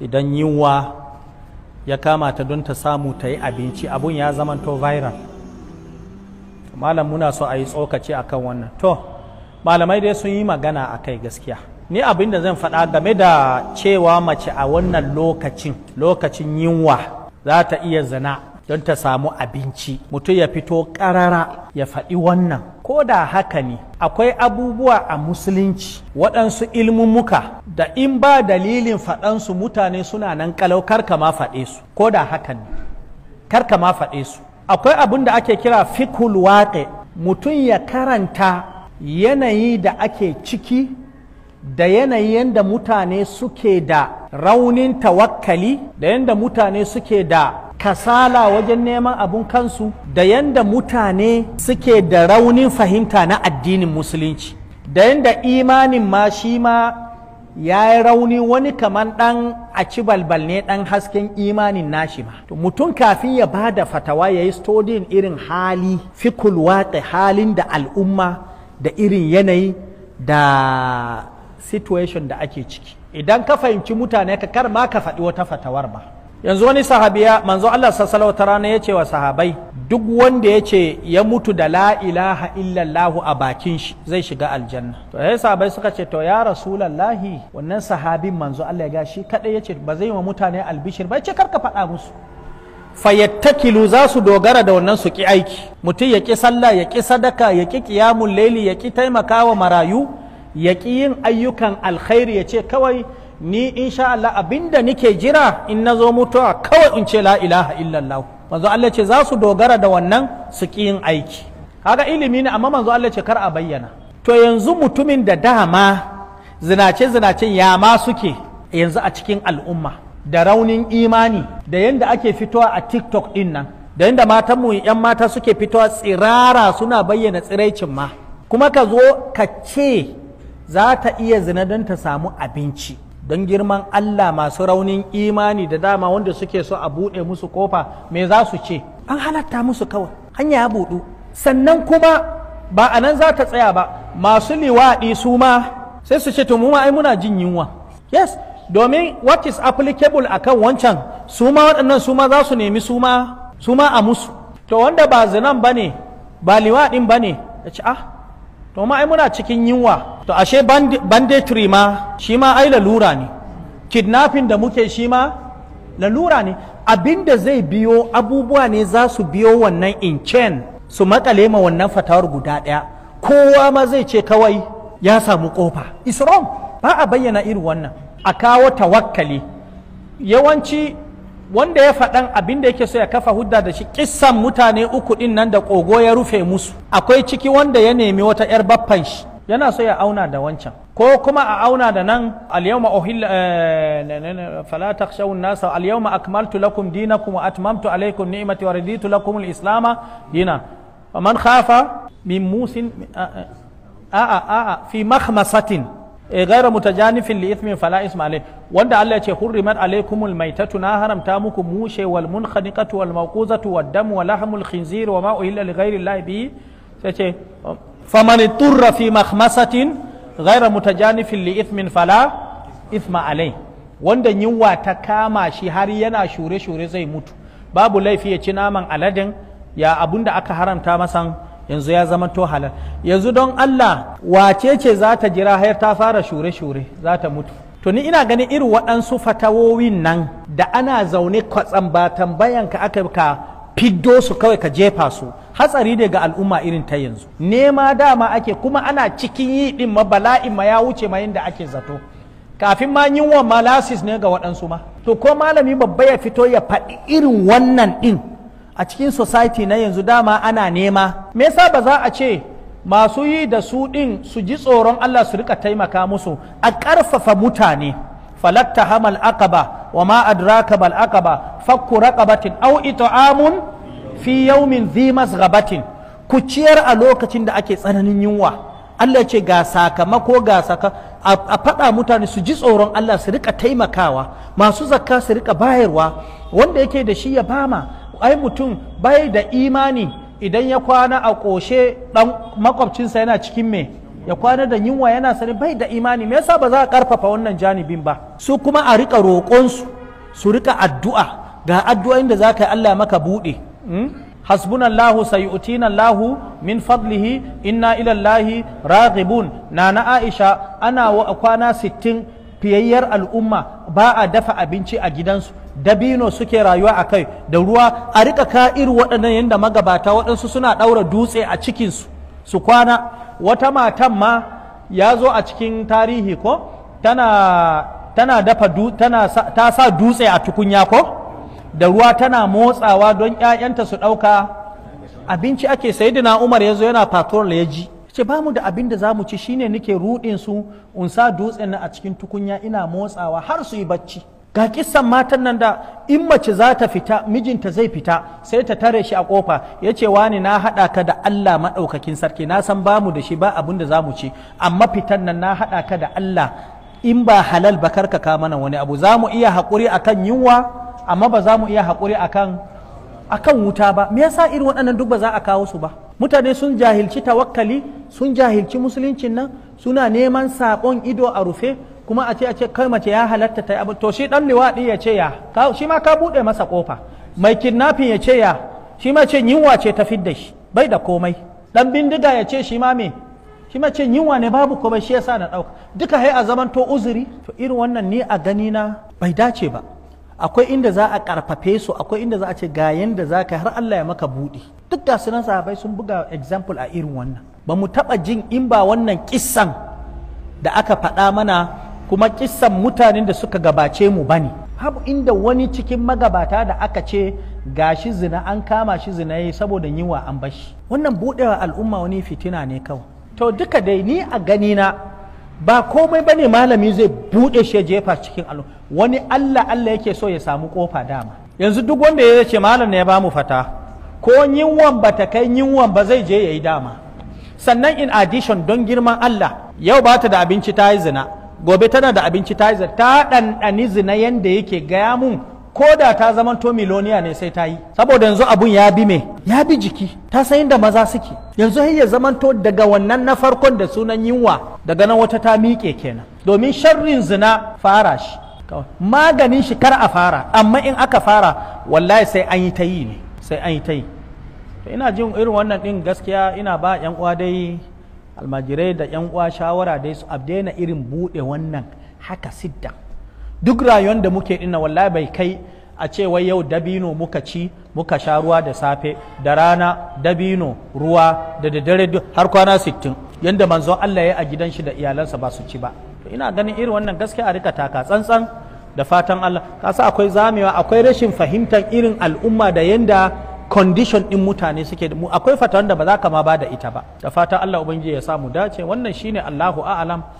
idan yiwuwa ya kama ta don ta samu ta yi abinci abun ya zama to viral malam muna so a yi tsokaci a kan wannan to malamai dai sun yi magana a kai gaskiya ni abin da zan faɗa game da cewa mace a wannan lokacin lokacin yinwa za ta iya zana don ta samu abinci mutum ya fito ƙarara ya faɗi wannan ko da haka ne akwai abubuwa a musulunci waɗansu ilmummuka da in ba dalilin faɗansu mutane suna nan ƙalau karka ma faɗe su ko da haka ne karka ma faɗe su akwai abin da ake kira fikul waƙe mutum ya karanta yanayi da ake ciki da yanayi da mutane suke da raunin tawakkali da yadda mutane suke da kasala wajen neman abun kansu da yanda mutane suke da raunin fahimta na addinin musulunci da yanda imanin ma shi ma ya yi rauni wani kamar ɗan a ci balbal ne ɗan hasken imanin nashi ba. To mutum kafin ya ba da fatawa ya yi stodin irin hali fikul da halin da al'umma da irin yanayi da situation da ake ciki. Idan ka fahimci mutane ka kar ma ka faɗi wata fatawar ba. yanzu wani sahabiya manzo Allah sallallahu rana ya ce wa sahabai duk wanda ya ce ya mutu da la ilaha illallah a bakin shi zai shiga aljanna to sai sahabai suka ce to ya rasulullahi wannan sahabin manzo Allah ya ga shi kadai ya ce ba zai wa mutane albishir ba ya ce karka faɗa musu fayattakilu za su dogara da wannan su ki aiki mutum ya ki sallah ya ki sadaka ya ki ƙiyamun layli ya ki taimakawa marayu ya ki yin ayyukan alkhairi ya ce kawai ni insha Allah abinda nike jira in nazo mutuwa kawai in ce la ilaha illallah manzo Allah ce za su dogara da wannan su ki aiki kaga ilimi ne amma manzo Allah ce kar a bayyana to yanzu mutumin da dama zinace zinacen ya ma suke yanzu a cikin al'umma da raunin imani da yanda ake fitowa a TikTok din nan da yanda matanmu 'yan mata suke fitowa tsirara suna bayyana tsiraicin ma kuma ka zo ka ce za ta iya zina don ta samu abinci don girman Allah masu raunin imani da dama wanda suke so a buɗe musu kofa me za su ce an halatta musu kawai hanya ya buɗu sannan kuma ba a nan za ta tsaya ba masu liwaɗi su ma sai su ce to mu muna jin yunwa yes domin what is applicable akan wancan su ma waɗannan su ma za su nemi su ma su ma a musu to wanda ba zinan ba ne ba liwaɗin ba ne ya ce ah to ma ai muna cikin yunwa to ashe banditry ma shi ma ai lalura ne kidnapping da muke shi ma lalura ne abinda zai biyo abubuwa ne za su biyo wannan in chain su makale ma wannan fatawar guda ɗaya kowa ma zai ce kawai ya samu kofa is wrong ba a bayyana irin wannan a kawo tawakkali yawanci wanda ya faɗan abin da yake so ya kafa hudda da shi kissan mutane uku ɗin nan da ƙogo ya rufe musu akwai ciki wanda ya nemi wata 'yar baffan shi yana so ya auna da wancan ko kuma a auna da nan alyawma uhilla eh, fala takhshawun nasa alyawma akmaltu lakum dinakum wa atmamtu alaykum ni'mati wa raditu lakum al-islam dina man khafa min musin a'a a'a fi makhmasatin e eh, gaira mutajanifin li ithmin fala isma wanda Allah ya ce hurrimat alaikumul maitatu na haramta muku mushe wal munkhaniqatu wal mawquzatu wad damu wa lahmul khinzir wa ma uhilla li ghairi bi sai ce faman turra fi makhmasatin gaira mutajanifin li ithmin fala isma alai wanda yunwa ta kama shi har yana shure shure zai mutu babu laifi ya ci naman aladin ya abunda aka haramta masan yanzu ya zama to halal yanzu don Allah wace ce za ta jira har ta fara shure-shure za ta mutu to ni ina ganin irin waɗansu fatawowin nan da ana zaune kwatsam ba tambayan ka aka ka fiddo su kawai ka jefa su hatsari ne ga al'umma irin ta yanzu nema dama ake kuma ana cikin yi din ma bala'in ma ya wuce ma yadda ake zato kafin ma wa malasis ne ga waɗansu ma to ko malami babba ya fito ya faɗi irin wannan ɗin a cikin society na yanzu dama ana nema me yasa ba za a ce masu yi da su ɗin su ji tsoron Allah su rika taimaka musu a ƙarfafa mutane falatta hamal aqaba wa ma adraka bal aqaba fakku raqabatin aw it'amun fi yawmin dhi masghabatin ku ciyar a lokacin da ake tsananin yunwa Allah ce ga sakamako ga saka a faɗa mutane su ji tsoron Allah su rika taimakawa masu zakka su rika bayarwa wanda yake da shi ya bama ai mutum bai da imani idan ya kwana a ƙoshe ɗan makwabcinsa yana cikin me ya kwana da yunwa yana sani bai da imani me yasa ba za a ƙarfafa wannan janibin ba su kuma a riƙa roƙonsu su riƙa addu'a ga addu'o'in da za ka yi Allah maka buɗe hmm? hasbunallahu sayu'tinallahu min fadlihi inna ila Allahi raghibun nana Aisha ana kwana sittin fiyayyar al'umma ba a dafa abinci a gidansu dabino suke rayuwa a kai da ruwa a rika ka'ir waɗannan yadda magabata waɗansu suna ɗaura dutse a cikinsu su kwana wata matan ma ya zo a cikin tarihi ko tana dafa ta sa dutse a tukunya ko da ruwa tana motsawa don 'ya'yanta su ɗauka abinci ake sayidina umar ya zo yana patrol ya ji ce ba mu da abin da za mu ci shine nike ruɗin su in sa dutsen a cikin tukunya ina motsawa har su yi bacci ga kisan matan nan da in mace za ta fita mijinta zai fita sai ta tare shi a kofa ya ce wani na haɗa ka da Allah maɗaukakin sarki na san ba mu da shi ba abin da za mu ci amma fitan nan na haɗa ka da Allah in ba halal ba karka ka mana wani abu za mu iya haƙuri akan yunwa amma ba za mu iya haƙuri akan akan wuta ba me yasa irin waɗannan duk ba za a kawo su ba mutane sun jahilci tawakkali sun jahilci musuluncin nan suna neman saƙon ido a rufe kuma a ce a ce kai mace ya halatta ta abu to shi dan liwaɗi ya ce ya shi ma ka bude masa kofa mai kidnapping ya ce ya shi ma ce yinwa ce ta fidda shi bai da komai dan bindiga ya ce shi ma me shi ma ce yinwa ne babu komai shi yasa na ɗauka duka hai a zaman to uzuri to irin wannan ni a gani na bai dace ba akwai inda za a karfafe su akwai inda za a ce ga yanda za ka har Allah ya maka buɗe duk da sunan sahabai sun buga example a irin wannan ba mu taɓa jin in ba wannan kissan da aka faɗa mana kuma kissan mutanen da suka gabace mu bane Habu inda wani cikin magabata da aka ce ga shi zina an kama shi zina yi saboda yiwa an bashi wannan buɗewa al'umma wani fitina ne kawai to duka dai ni a gani na ba komai bane malami zai buɗe shi jefa cikin al'umma wani Allah Allah yake so ya samu kofa dama yanzu duk wanda ya ce malam ne ya bamu fata ko yinwan ba ta kai yinwan ba zai je yayi dama sannan in addition don girman Allah yau ba ta da abinci ta yi zina gobe tana da abinci ta yi ta ɗanɗani zina yanda yake gaya mun ko da ta zamanto to miloniya ne sai ta yi saboda yanzu abun ya bi me ya bi jiki ta san da maza suke yanzu ya zaman to daga wannan na farkon da sunan yinwa daga nan wata ta miƙe kenan domin sharrin zina fara shi maganin shi kar a fara amma in aka fara wallahi sai an yi ta yi ne sai an yi ta yi ina jin irin wannan din gaskiya ina ba yan uwa dai almajirai da yan uwa shawara dai su abdaina irin buɗe wannan haka sidda duk rayuwar da muke dinna wallahi bai kai a ce wai yau dabino muka ci muka sha ruwa da safe da rana dabino ruwa da daddare har kwana sittin yadda manzon Allah ya a gidan shi da iyalansa ba su ci ba to ina ganin irin wannan gaskiya a rika taka tsantsan da fatan Allah kasa akwai zamewa akwai rashin fahimtar irin al'umma da yanda condition din mutane suke mu akwai fatan da ba za ka ma ba da ita ba da fata Allah ubangiji ya samu dace wannan shine Allahu a'lam